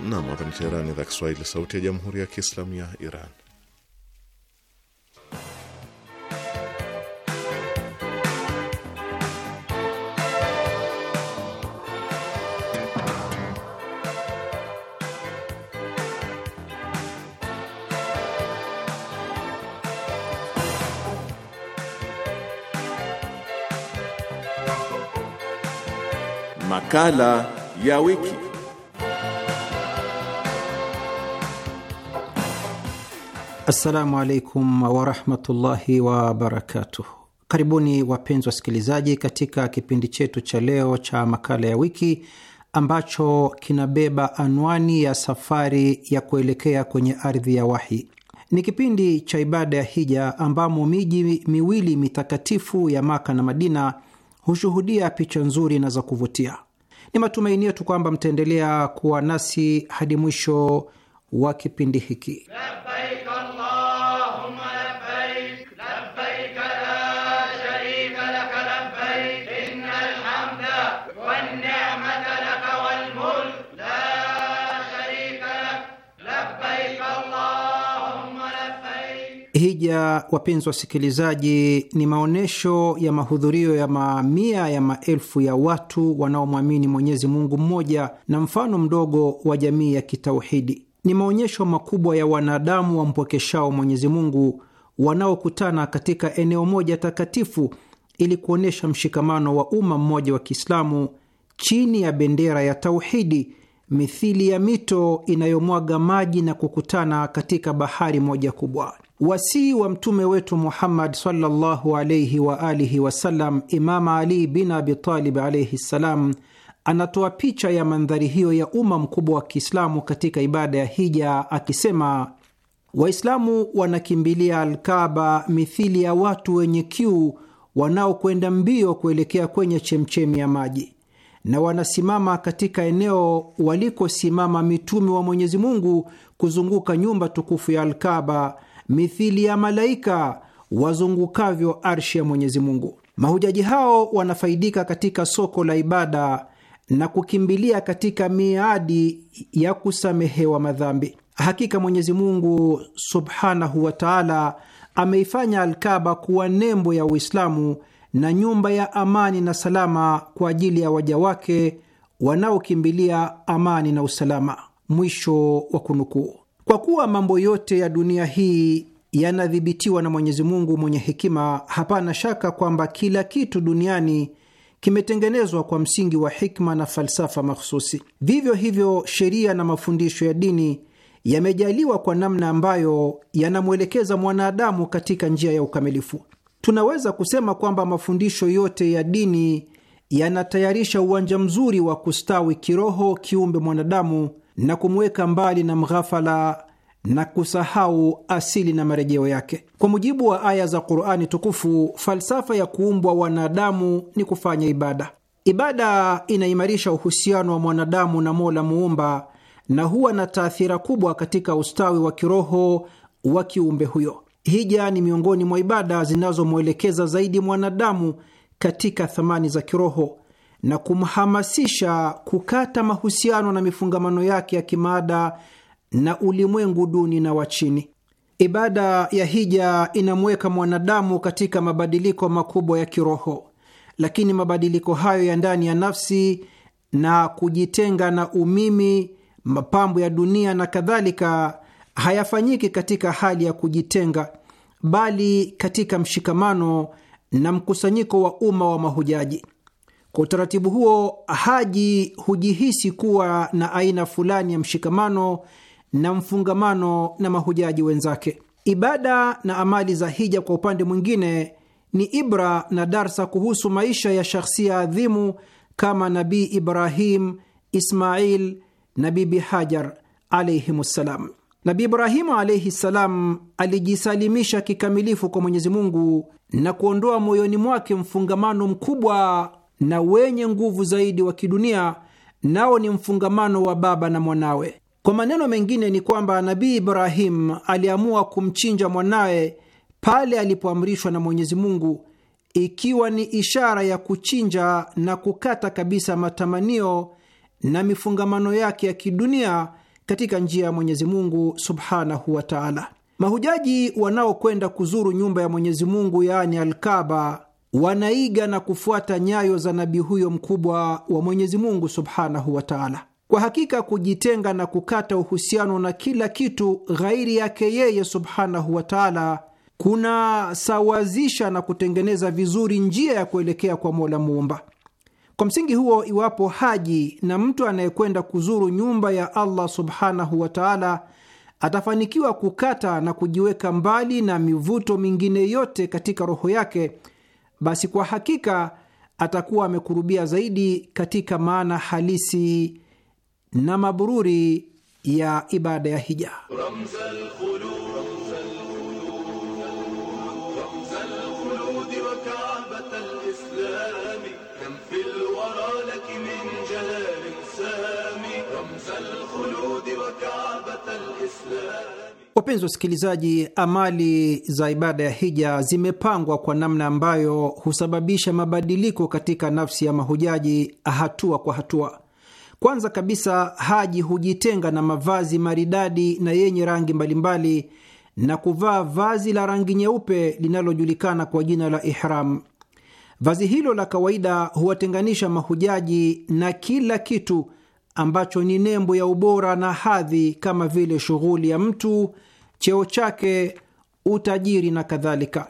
Nam, hapa ni Teheran, idhaa Kiswahili, sauti ya jamhuri ya kiislamu ya Iran. Makala ya wiki. Assalamu alaikum warahmatullahi wabarakatuh. Karibuni wapenzi wasikilizaji, katika kipindi chetu cha leo cha makala ya wiki ambacho kinabeba anwani ya safari ya kuelekea kwenye ardhi ya wahi. Ni kipindi cha ibada ya hija ambamo miji miwili mitakatifu ya Maka na Madina hushuhudia picha nzuri na za kuvutia. Ni matumaini yetu kwamba mtaendelea kuwa nasi hadi mwisho wa kipindi hiki. Hija, wapenzi wasikilizaji, ni maonyesho ya mahudhurio ya mamia ya maelfu ya watu wanaomwamini Mwenyezi Mungu mmoja na mfano mdogo wa jamii ya kitauhidi. Ni maonyesho makubwa ya wanadamu wampokeshao Mwenyezi Mungu wanaokutana katika eneo moja takatifu ili kuonyesha mshikamano wa umma mmoja wa Kiislamu chini ya bendera ya tauhidi, mithili ya mito inayomwaga maji na kukutana katika bahari moja kubwa. Wasii wa mtume wetu Muhammad sallallahu alaihi wa alihi wasallam, Imama Ali bin Abitalib alaihi ssalam, anatoa picha ya mandhari hiyo ya umma mkubwa wa Kiislamu katika ibada ya hija akisema, Waislamu wanakimbilia Alkaba mithili ya watu wenye kiu wanaokwenda mbio kuelekea kwenye chemchemi ya maji, na wanasimama katika eneo walikosimama mitume wa Mwenyezi Mungu kuzunguka nyumba tukufu ya Alkaba mithili ya malaika wazungukavyo arshi ya Mwenyezi Mungu. Mahujaji hao wanafaidika katika soko la ibada na kukimbilia katika miadi ya kusamehewa madhambi. Hakika Mwenyezi Mungu subhanahu wa taala ameifanya Alkaba kuwa nembo ya Uislamu na nyumba ya amani na salama kwa ajili ya waja wake wanaokimbilia amani na usalama. Mwisho wa kunukuu. Kwa kuwa mambo yote ya dunia hii yanadhibitiwa na Mwenyezi Mungu mwenye hekima, hapana shaka kwamba kila kitu duniani kimetengenezwa kwa msingi wa hikma na falsafa mahsusi. Vivyo hivyo, sheria na mafundisho ya dini yamejaliwa kwa namna ambayo yanamwelekeza mwanadamu katika njia ya ukamilifu. Tunaweza kusema kwamba mafundisho yote ya dini yanatayarisha uwanja mzuri wa kustawi kiroho kiumbe mwanadamu na kumweka mbali na mghafala na kusahau asili na marejeo yake. Kwa mujibu wa aya za Qur'ani tukufu, falsafa ya kuumbwa wanadamu ni kufanya ibada. Ibada inaimarisha uhusiano wa mwanadamu na Mola muumba na huwa na taathira kubwa katika ustawi wa kiroho wa kiumbe huyo. Hija ni miongoni mwa ibada zinazomwelekeza zaidi mwanadamu katika thamani za kiroho na kumhamasisha kukata mahusiano na mifungamano yake ya kimaada na ulimwengu duni na wa chini. Ibada ya hija inamweka mwanadamu katika mabadiliko makubwa ya kiroho, lakini mabadiliko hayo ya ndani ya nafsi na kujitenga na umimi, mapambo ya dunia na kadhalika, hayafanyiki katika hali ya kujitenga, bali katika mshikamano na mkusanyiko wa umma wa mahujaji. Kwa utaratibu huo, haji hujihisi kuwa na aina fulani ya mshikamano na mfungamano na mahujaji wenzake. Ibada na amali za hija, kwa upande mwingine, ni ibra na darsa kuhusu maisha ya shakhsia adhimu kama Nabii Ibrahim, Ismail na Bibi Hajar alaihimussalam. Nabi Ibrahimu alaihi ssalam alijisalimisha kikamilifu kwa Mwenyezi Mungu na kuondoa moyoni mwake mfungamano mkubwa na wenye nguvu zaidi wa kidunia, nao ni mfungamano wa baba na mwanawe. Kwa maneno mengine ni kwamba Nabii Ibrahim aliamua kumchinja mwanawe pale alipoamrishwa na Mwenyezi Mungu, ikiwa ni ishara ya kuchinja na kukata kabisa matamanio na mifungamano yake ya kidunia katika njia ya Mwenyezi Mungu subhanahu wa taala. Mahujaji wanaokwenda kuzuru nyumba ya Mwenyezi Mungu, yaani Alkaba, wanaiga na kufuata nyayo za nabii huyo mkubwa wa Mwenyezi Mungu subhanahu wa taala. Kwa hakika kujitenga na kukata uhusiano na kila kitu ghairi yake yeye subhanahu wa taala kunasawazisha na kutengeneza vizuri njia ya kuelekea kwa Mola Muumba. Kwa msingi huo, iwapo haji na mtu anayekwenda kuzuru nyumba ya Allah subhanahu wa taala atafanikiwa kukata na kujiweka mbali na mivuto mingine yote katika roho yake basi kwa hakika atakuwa amekurubia zaidi katika maana halisi na mabururi ya ibada ya hija. Wapenzi wasikilizaji, amali za ibada ya hija zimepangwa kwa namna ambayo husababisha mabadiliko katika nafsi ya mahujaji hatua kwa hatua. Kwanza kabisa, haji hujitenga na mavazi maridadi na yenye rangi mbalimbali na kuvaa vazi la rangi nyeupe linalojulikana kwa jina la ihram. Vazi hilo la kawaida huwatenganisha mahujaji na kila kitu ambacho ni nembo ya ubora na hadhi kama vile shughuli ya mtu, cheo chake, utajiri na kadhalika.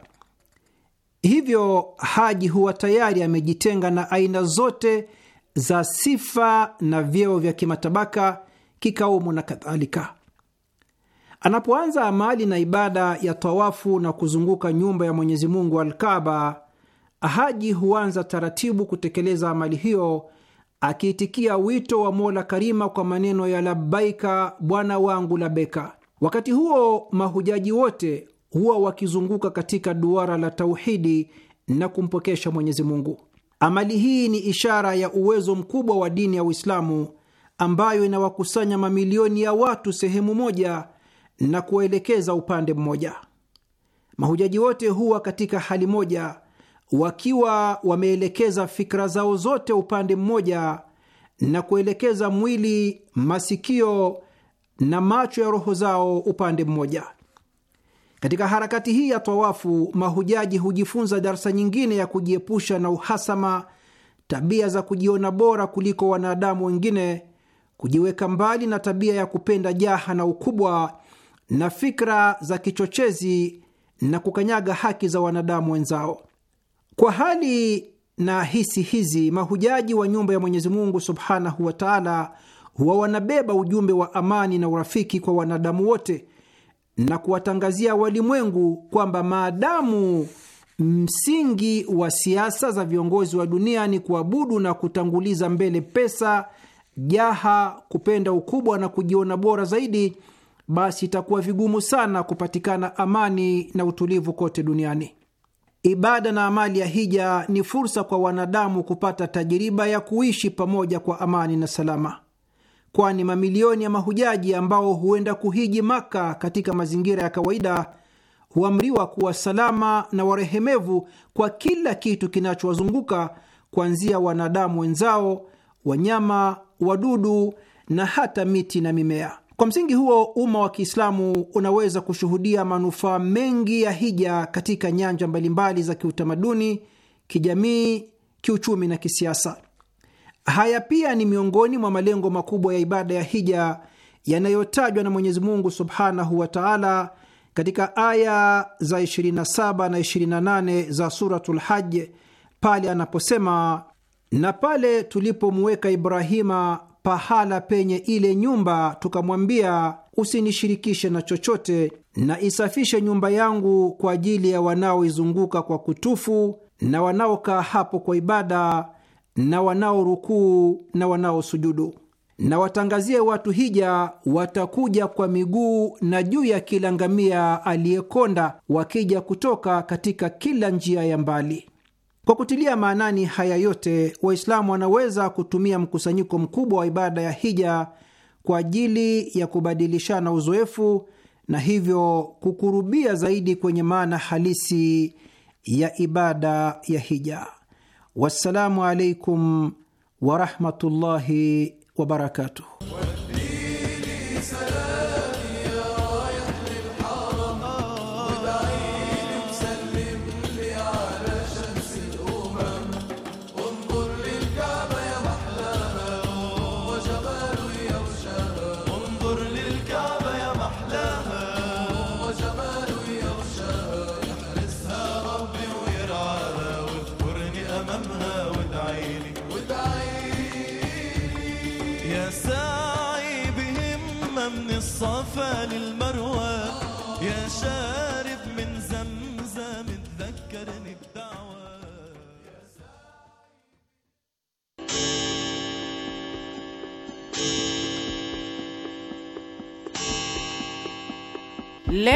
Hivyo haji huwa tayari amejitenga na aina zote za sifa na vyeo vya kimatabaka, kikaumu na kadhalika. Anapoanza amali na ibada ya tawafu na kuzunguka nyumba ya Mwenyezi Mungu Alkaba, haji huanza taratibu kutekeleza amali hiyo akiitikia wito wa Mola Karima kwa maneno ya labbaika, bwana wangu labeka. Wakati huo mahujaji wote huwa wakizunguka katika duara la tauhidi na kumpokesha Mwenyezi Mungu. Amali hii ni ishara ya uwezo mkubwa wa dini ya Uislamu ambayo inawakusanya mamilioni ya watu sehemu moja na kuwaelekeza upande mmoja. Mahujaji wote huwa katika hali moja wakiwa wameelekeza fikra zao zote upande mmoja na kuelekeza mwili, masikio na macho ya roho zao upande mmoja. Katika harakati hii ya tawafu, mahujaji hujifunza darsa nyingine ya kujiepusha na uhasama, tabia za kujiona bora kuliko wanadamu wengine, kujiweka mbali na tabia ya kupenda jaha na ukubwa na fikra za kichochezi na kukanyaga haki za wanadamu wenzao. Kwa hali na hisi hizi mahujaji wa nyumba ya Mwenyezi Mungu subhanahu wa taala huwa wanabeba ujumbe wa amani na urafiki kwa wanadamu wote na kuwatangazia walimwengu kwamba maadamu msingi wa siasa za viongozi wa dunia ni kuabudu na kutanguliza mbele pesa, jaha, kupenda ukubwa na kujiona bora zaidi, basi itakuwa vigumu sana kupatikana amani na utulivu kote duniani. Ibada na amali ya hija ni fursa kwa wanadamu kupata tajiriba ya kuishi pamoja kwa amani na salama, kwani mamilioni ya mahujaji ambao huenda kuhiji Maka katika mazingira ya kawaida huamriwa kuwa salama na warehemevu kwa kila kitu kinachowazunguka kuanzia wanadamu wenzao, wanyama, wadudu na hata miti na mimea. Kwa msingi huo, umma wa Kiislamu unaweza kushuhudia manufaa mengi ya hija katika nyanja mbalimbali za kiutamaduni, kijamii, kiuchumi na kisiasa. Haya pia ni miongoni mwa malengo makubwa ya ibada ya hija yanayotajwa na Mwenyezi Mungu subhanahu wa taala katika aya za 27 na 28 za Suratul Haj pale anaposema: na pale tulipomuweka Ibrahima pahala penye ile nyumba, tukamwambia usinishirikishe na chochote, na isafishe nyumba yangu kwa ajili ya wanaoizunguka kwa kutufu na wanaokaa hapo kwa ibada na wanaorukuu na wanaosujudu, na watangazie watu hija, watakuja kwa miguu na juu ya kila ngamia aliyekonda, wakija kutoka katika kila njia ya mbali. Kwa kutilia maanani haya yote, Waislamu wanaweza kutumia mkusanyiko mkubwa wa ibada ya hija kwa ajili ya kubadilishana uzoefu na hivyo kukurubia zaidi kwenye maana halisi ya ibada ya hija. Wassalamu alaikum warahmatullahi wabarakatuh.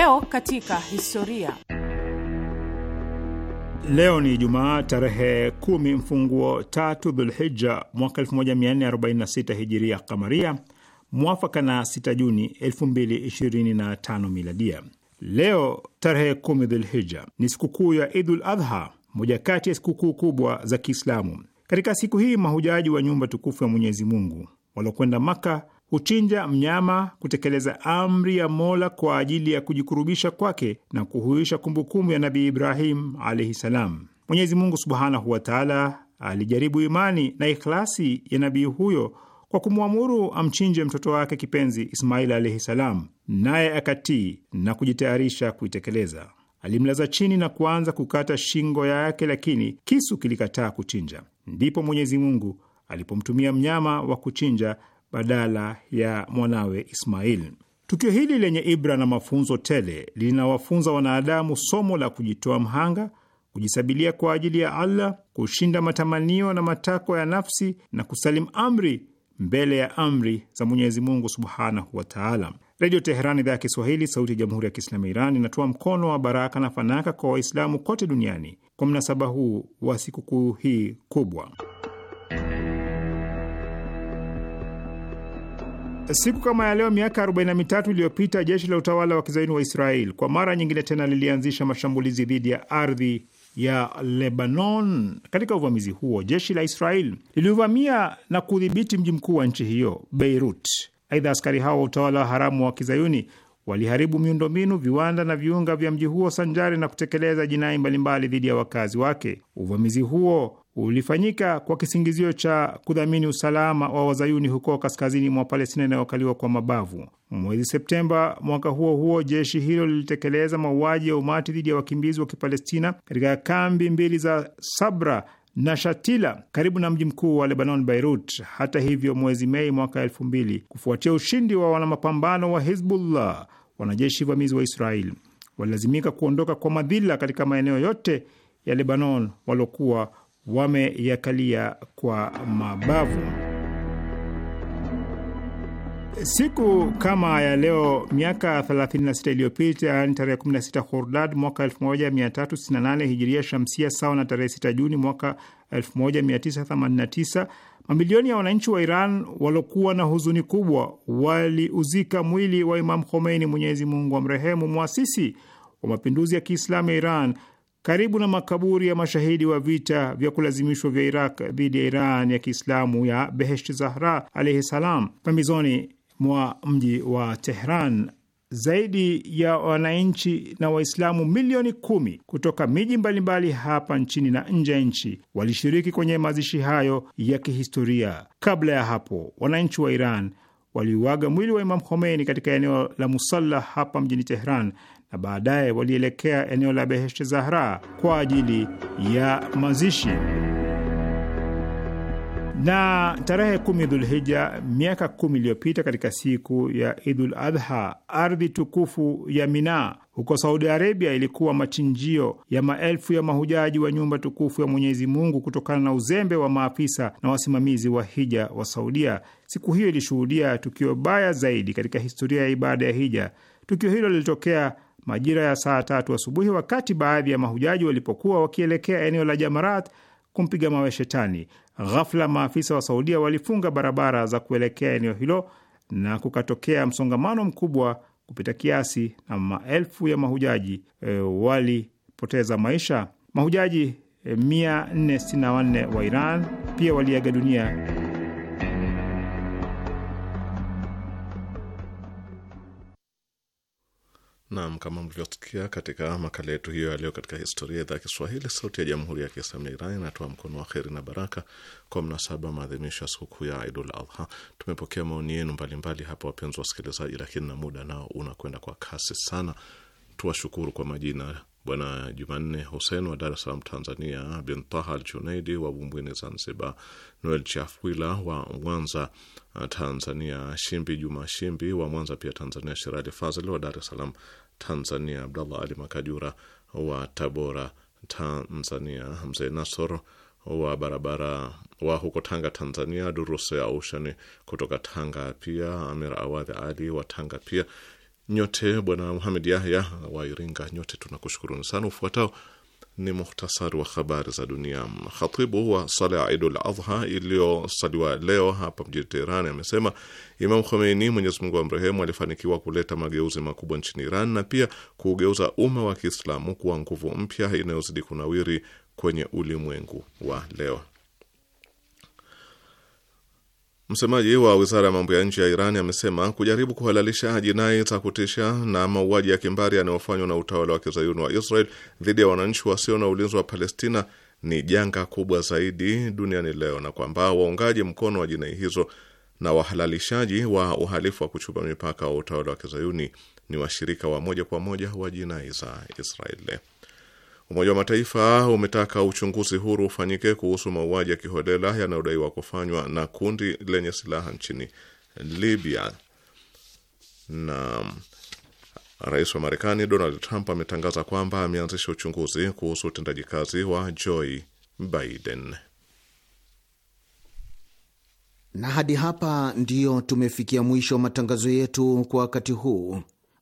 Leo katika historia. Leo ni Jumaa tarehe kumi mfunguo tatu Dhulhija mwaka 1446 hijiria kamaria, mwafaka na 6 Juni 2025 miladia. Leo tarehe kumi Dhulhija ni sikukuu ya Idul Adha, moja kati ya sikukuu kubwa za Kiislamu. Katika siku hii mahujaji wa nyumba tukufu ya Mwenyezi Mungu waliokwenda Maka huchinja mnyama kutekeleza amri ya Mola kwa ajili ya kujikurubisha kwake na kuhuisha kumbukumbu ya Nabii Ibrahim alaihi salam. Mwenyezi Mungu subhanahu wataala alijaribu imani na ikhlasi ya nabii huyo kwa kumwamuru amchinje mtoto wake kipenzi Ismail alaihi salam, naye akatii na kujitayarisha kuitekeleza. Alimlaza chini na kuanza kukata shingo yake, lakini kisu kilikataa kuchinja. Ndipo Mwenyezi Mungu alipomtumia mnyama wa kuchinja badala ya mwanawe Ismail. Tukio hili lenye ibra na mafunzo tele linawafunza wanadamu somo la kujitoa mhanga, kujisabilia kwa ajili ya Allah, kushinda matamanio na matakwa ya nafsi na kusalim amri mbele ya amri za Mwenyezi Mungu subhanahu wa taala. Redio Teherani, idhaa ya Kiswahili, sauti ya jamhuri ya kiislamu ya Iran, inatoa mkono wa baraka na fanaka kwa Waislamu kote duniani kwa mnasaba huu wa sikukuu hii kubwa. Siku kama ya leo miaka 43 iliyopita jeshi la utawala wa kizaini wa Israel kwa mara nyingine tena lilianzisha mashambulizi dhidi ya ardhi ya Lebanon. Katika uvamizi huo, jeshi la Israel liliuvamia na kudhibiti mji mkuu wa nchi hiyo, Beirut. Aidha, askari hao wa utawala wa haramu wa kizayuni waliharibu miundombinu, viwanda na viunga vya mji huo, sanjari na kutekeleza jinai mbalimbali dhidi ya wakazi wake. Uvamizi huo ulifanyika kwa kisingizio cha kudhamini usalama wa wazayuni huko kaskazini mwa Palestina inayokaliwa kwa mabavu. Mwezi Septemba mwaka huo huo, jeshi hilo lilitekeleza mauaji ya umati dhidi ya wakimbizi wa Kipalestina katika kambi mbili za Sabra na Shatila karibu na mji mkuu wa Lebanon, Beirut. Hata hivyo, mwezi Mei mwaka elfu mbili, kufuatia ushindi wa wanamapambano wa Hizbullah, wanajeshi vamizi wa israel walilazimika kuondoka kwa madhila katika maeneo yote ya Lebanon waliokuwa wameyakalia kwa mabavu. Siku kama ya leo miaka 36 iliyopita, yaani tarehe 16 Hordad mwaka 1368 hijiria shamsia, sawa na tarehe 6 Juni mwaka 1989, mamilioni ya wananchi wa Iran waliokuwa na huzuni kubwa waliuzika mwili wa Imam Khomeini, Mwenyezi Mungu wa mrehemu, mwasisi wa mapinduzi ya Kiislamu ya Iran karibu na makaburi ya mashahidi wa vita vya kulazimishwa vya Iraq dhidi ya Iran ya Kiislamu ya behesht Zahra alaihi salam, pambizoni mwa mji wa Tehran. Zaidi ya wananchi na Waislamu milioni kumi kutoka miji mbalimbali hapa nchini na nje ya nchi walishiriki kwenye mazishi hayo ya kihistoria. Kabla ya hapo, wananchi wa Iran waliuaga mwili wa Imam Khomeini katika eneo la Musalla hapa mjini Tehran na baadaye walielekea eneo la Beheshte Zahra kwa ajili ya mazishi. Na tarehe kumi Dhulhija, miaka kumi iliyopita, katika siku ya Idul Adha, ardhi tukufu ya Mina huko Saudi Arabia ilikuwa machinjio ya maelfu ya mahujaji wa nyumba tukufu ya Mwenyezi Mungu kutokana na uzembe wa maafisa na wasimamizi wa hija wa Saudia. Siku hiyo ilishuhudia tukio baya zaidi katika historia ya ibada ya hija. Tukio hilo lilitokea majira ya saa tatu asubuhi wa wakati baadhi ya mahujaji walipokuwa wakielekea eneo la Jamarat kumpiga mawe shetani. Ghafla maafisa wa Saudia walifunga barabara za kuelekea eneo hilo na kukatokea msongamano mkubwa kupita kiasi, na maelfu ya mahujaji e, walipoteza maisha. Mahujaji e, 464 wa Iran pia waliaga dunia Naam, kama mlivyosikia katika makala yetu hiyo yaliyo katika historia ya idhaa ya Kiswahili, sauti ya jamhuri ya kiislamu ya Iran inatoa mkono wa kheri na baraka kwa mnasaba maadhimisho ya sikukuu ya Idul Adha. Tumepokea maoni yenu mbalimbali hapa, wapenzi wasikilizaji, lakini na muda nao unakwenda kwa kasi sana. Tuwashukuru kwa majina: Bwana Jumanne Hussein wa Dar es Salaam, Tanzania, Bintaha Aljuneidi wa Bumbwini, Zanzibar, Noel Chafwila wa Mwanza, Uh, Tanzania, Shimbi Juma Shimbi wa Mwanza pia Tanzania, shirali Fazil wa Dar es Salaam Tanzania, Abdallah Ali Makajura wa Tabora Tanzania, Mzee Nasor wa barabara wa huko Tanga Tanzania, duruse ya Ushani kutoka Tanga pia, Amir Awadhi Ali wa Tanga pia, nyote bwana Muhamed Yahya wa Iringa, nyote tunakushukuruni sana. Ufuatao ni muhtasari wa habari za dunia. Khatibu wa sala ya Idul Adha iliyosaliwa leo hapa mjini Teherani amesema Imam Khomeini, Mwenyezi Mungu amrehemu, alifanikiwa kuleta mageuzi makubwa nchini Iran na pia kuugeuza umma wa Kiislamu kuwa nguvu mpya inayozidi kunawiri kwenye ulimwengu wa leo. Msemaji wa wizara ya mambo ya nje ya Iran amesema kujaribu kuhalalisha jinai za kutisha na mauaji ya kimbari yanayofanywa na utawala wa kizayuni wa Israel dhidi ya wananchi wasio na ulinzi wa Palestina ni janga kubwa zaidi duniani leo, na kwamba waungaji mkono wa jinai hizo na wahalalishaji wa uhalifu wa kuchupa mipaka wa utawala wa kizayuni ni washirika wa moja kwa moja wa jinai za Israeli. Umoja wa Mataifa umetaka uchunguzi huru ufanyike kuhusu mauaji ya kiholela yanayodaiwa kufanywa na kundi lenye silaha nchini Libya. Na rais wa Marekani Donald Trump ametangaza kwamba ameanzisha uchunguzi kuhusu utendaji kazi wa Joe Biden. Na hadi hapa ndiyo tumefikia mwisho wa matangazo yetu kwa wakati huu.